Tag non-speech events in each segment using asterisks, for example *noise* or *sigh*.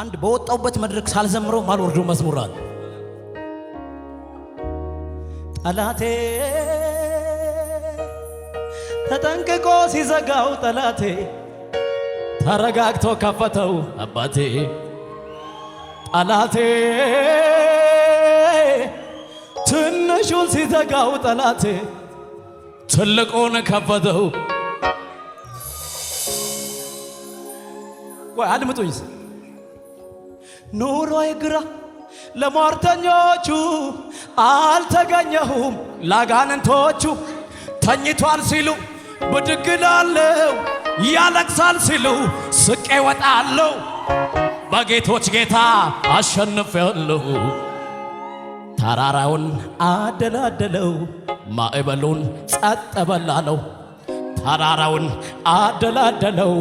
አንድ በወጣውበት መድረክ ሳልዘምረው ማልወርዶ መዝሙር አለ። ጠላቴ ተጠንቅቆ ሲዘጋው ጠላቴ ተረጋግቶ ከፈተው አባቴ ጠላቴ ትንሹን ሲዘጋው ጠላቴ ትልቁን ከፈተው። ወይ አድምጡኝ። ኑሮ ግራ ለሟርተኞቹ አልተገኘሁም። ላጋንንቶቹ ተኝቷል ሲሉ ብድግላለው ያለቅሳል ሲሉ ስቄ እወጣለሁ። በጌቶች ጌታ አሸንፈለሁ ተራራውን አደላደለው፣ ማዕበሉን ጸጥ በላለው። ተራራውን አደላደለው፣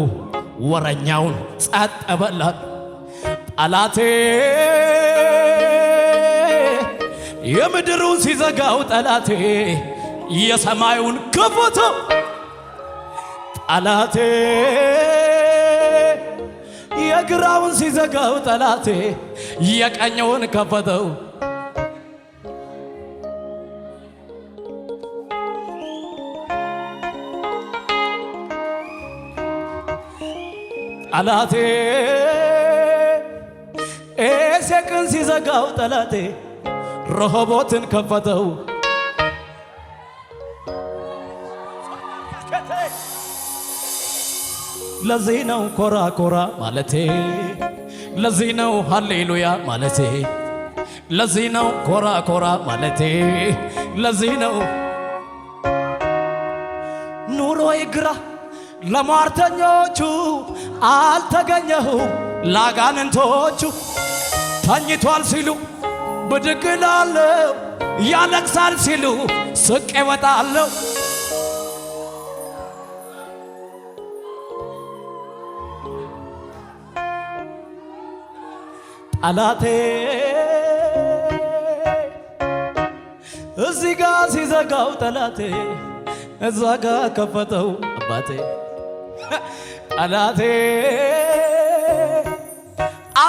ወረኛውን ጸጥ በላለው። ጠላቴ የምድሩን ሲዘጋው ጠላቴ የሰማዩን ከፈተ ጠላቴ የግራውን ሲዘጋው ጠላቴ የቀኘውን ከፈተው ጠላቴ ቀን ሲዘጋው ጠላቴ ረሆቦትን ከፈተው። ለዚህ ነው ኮራ ኮራ ማለቴ፣ ለዚህ ነው ሃሌሉያ ማለቴ፣ ለዚህ ነው ኮራ ኮራ ማለቴ፣ ለዚህ ነው ኑሮ ይግራ ለሟርተኞቹ አልተገኘሁም ላጋንንቶቹ ታኝቷል ሲሉ ብድግ እላለሁ፣ ያለቅሳል ሲሉ ስቄ እወጣለሁ። ጠላቴ እዚህ ጋ ሲዘጋው ጠላቴ እዛ ጋ ከፈተው አባቴ *laughs* ጠላቴ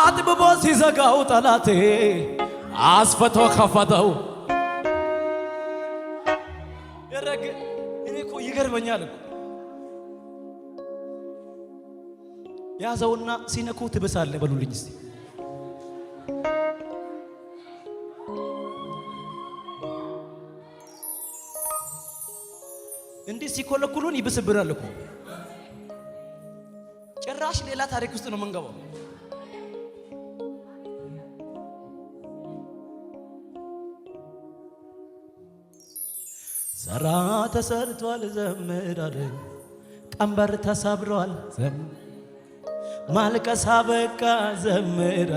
አጥብቦ ሲዘጋው ጠላቴ አስፈቶ ከፈተው። ደረግ እኔ እኮ ይገርመኛል እኮ ያዘውና ሲነኩ ትብሳለ በሉልኝ እስቲ። እንዲህ ሲኮለኩሉን ይብስብናል እኮ ጭራሽ ሌላ ታሪክ ውስጥ ነው የምንገባው። ስራ ተሰርቷል ዘምር ቀንበር ተሰብሯል ዘም ማልቀሳ በቃ ዘምር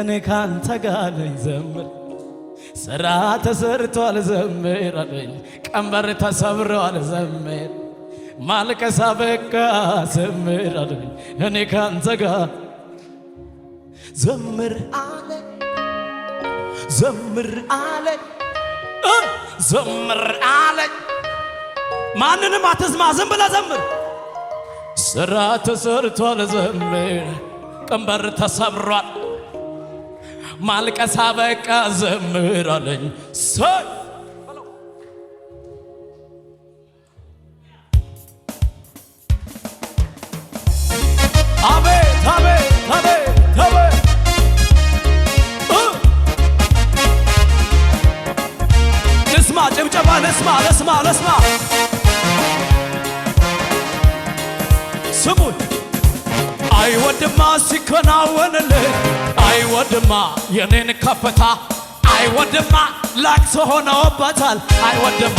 እኔ ካንተ ጋር ነኝ ዘምር ስራ ተሰርቷል ዘምር ቀንበር ተሰብሯል ዘምር ማልቀሳ በቃ ዘምር እኔ ካንተ ጋር ዘምር አለኝ ዘምር አለኝ ዘምር አለኝ። ማንንም አትስማ፣ ዝም ብለህ ዘምር። ስራ ተሰርቷል፣ ዘምር። ቀንበር ተሰብሯል፣ ማልቀሳ በቃ ዘምር አለኝ። ለስማ ለስማ ለስማ ስሙን አይወድማ ሲከናወንልህ አይወድማ የኔን ከፍታ አይወድማ ላቅሶ ሆነውበታል አይወድማ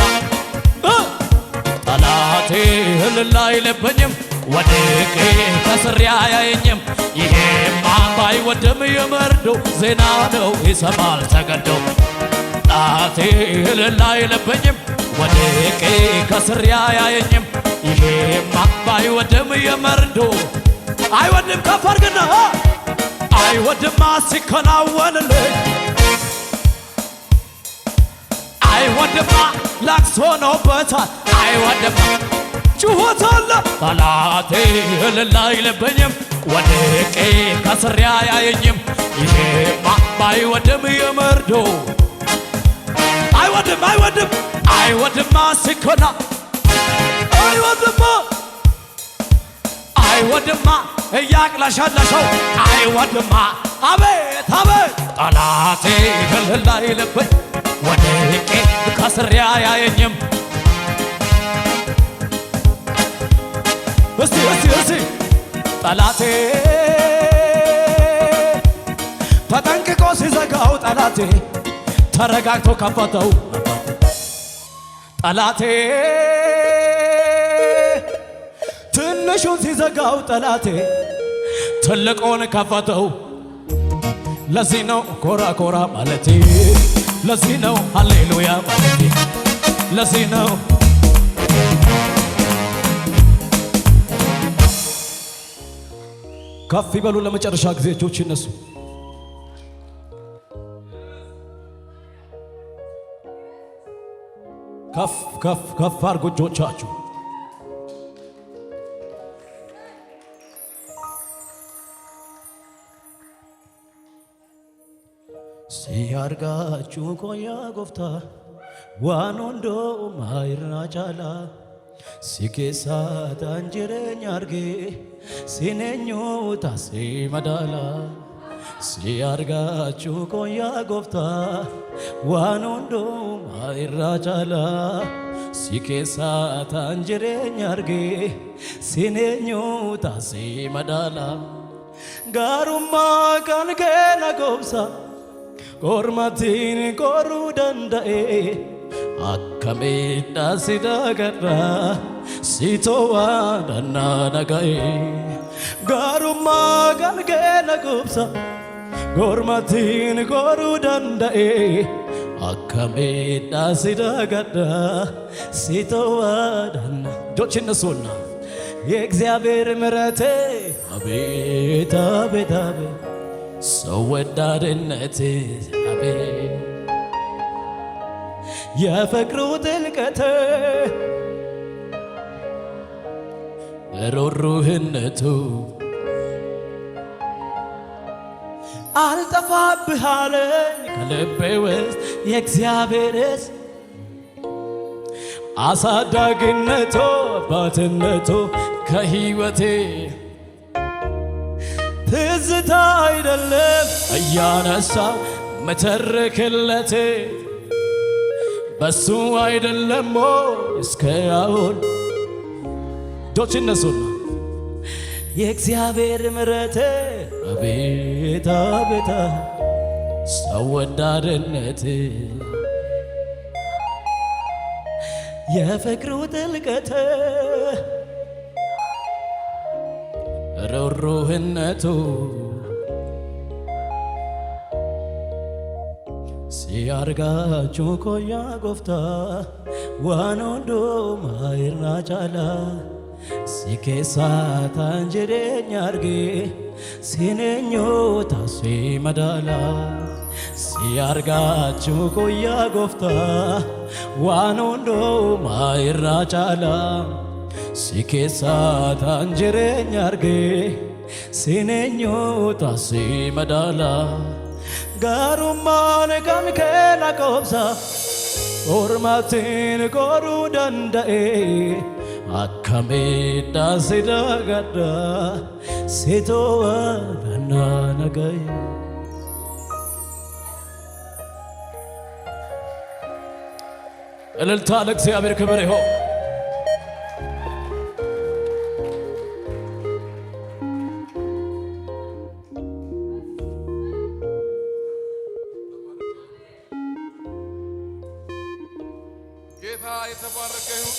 ጠላቴ እልል አይልብኝም ወድቄ ከስሬ አያየኝም። ይሄማ ባይወድም የመርዶ ዜና ነው ይሰማል ተገዶ ጠላቴ እልል አይልብኝም፣ ወድቄ ከስሬ አያየኝም። ይሄማ ባይወድም የመርዶ አይወድም ከፍ አድርግና አይወድማ ሲከናወንልኝ አይወድማ ላክሶ ነውበታል አይወድማ ጩኸት አለ ጠላቴ እልል አይልብኝም፣ ወድቄ ከስሬ አያየኝም። ይሄማ ባይወድም የመርዶ አይወድም አይወድም አይወድማ ሲኮና አይወድማ አይወድማ እያቅላሻለሸው አይወድማ አቤት አቤት ጠላቴ ህልህላ ይልብኝ ወድቄ ከስሪያ ያየኝም እስቲ እስቲ እስቲ ጠላቴ ተጠንቅቆ ሲዘጋው ጠላቴ ተረጋግቶ ከፈተው ጠላቴ ትንሹን ሲዘጋው ጠላቴ ትልቁን ከፈተው። ለዚህ ነው ኮራ ኮራ ማለቴ፣ ለዚህ ነው ሃሌሉያ ማለቴ፣ ለዚህ ነው ከፍ ይበሉ። ለመጨረሻ ጊዜ እጆች ይነሱ። ከፍ ከፍ ከፍ አድርጉ እጆቻችሁ። ሲያርጋችሁ ቆያ ጎፍታ ዋኖንዶ ማይርና ጫላ ሲኬሳ ታንጅሬኛ አርጌ ሲኔኞ ታሴ መዳላ ሲያርጋችሁ ቆያ ጎፍታ ዋኖንዶ ማይራ ጫላ ሲኬሳ ታንጅሬኛ አርጌ ሲኔኙ ታሴ መዳላ ጋሩማ ካንኬና ጎብሳ ቆርማቲን ቆሩ ደንዳኤ አካሜዳ ሲዳገራ ሲቶዋ ደና ነጋኤ Gaarummaa galgala gubsa gormatiin goruu danda'e akka meedhaa si dagadda si towaadanna እጆች እነሱና የእግዚአብሔር ምሕረቴ አቤት አቤት አቤት ሰው ወዳድነቴ አቤት የፍቅሩ ጥልቀቴ ሮሩህነቱ አልጠፋብሃለ ከልቤ ውስጥ የእግዚአብሔርስ አሳዳግነቶ አባትነቶ ከህይወቴ ትዝታ አይደለም እያነሳ መተርክለቴ በሱ አይደለም እስከ አሁን እጆች እነሱና የእግዚአብሔር ምረት አቤት አቤት ሰው ወዳድነት የፍቅሩ ጥልቀት ርኅሩህነቱ ሲያርጋችሁ ኮያ ጎፍታ ዋኖ ዶማይርና ጫላ sikkessaa ta'an jireenya argee seeneenyootaa si madaalaa si argaachuu guyyaa gooftaa waan hundumaa irraa caalaa sikkessaa ta'an jireenya argee seeneenyootaa si madaalaa gaarummaan kan kenna qoobsa ormatiin godhuu danda'e. አካሜዳ ሴዳጋዳ ሴቶዋና ነጋይ እልልታ ለእግዚአብሔር ክብር ይሆን። ጌታ የተባረከ ይሁን።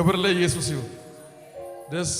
ክብር ለኢየሱስ ይሁን። ደስ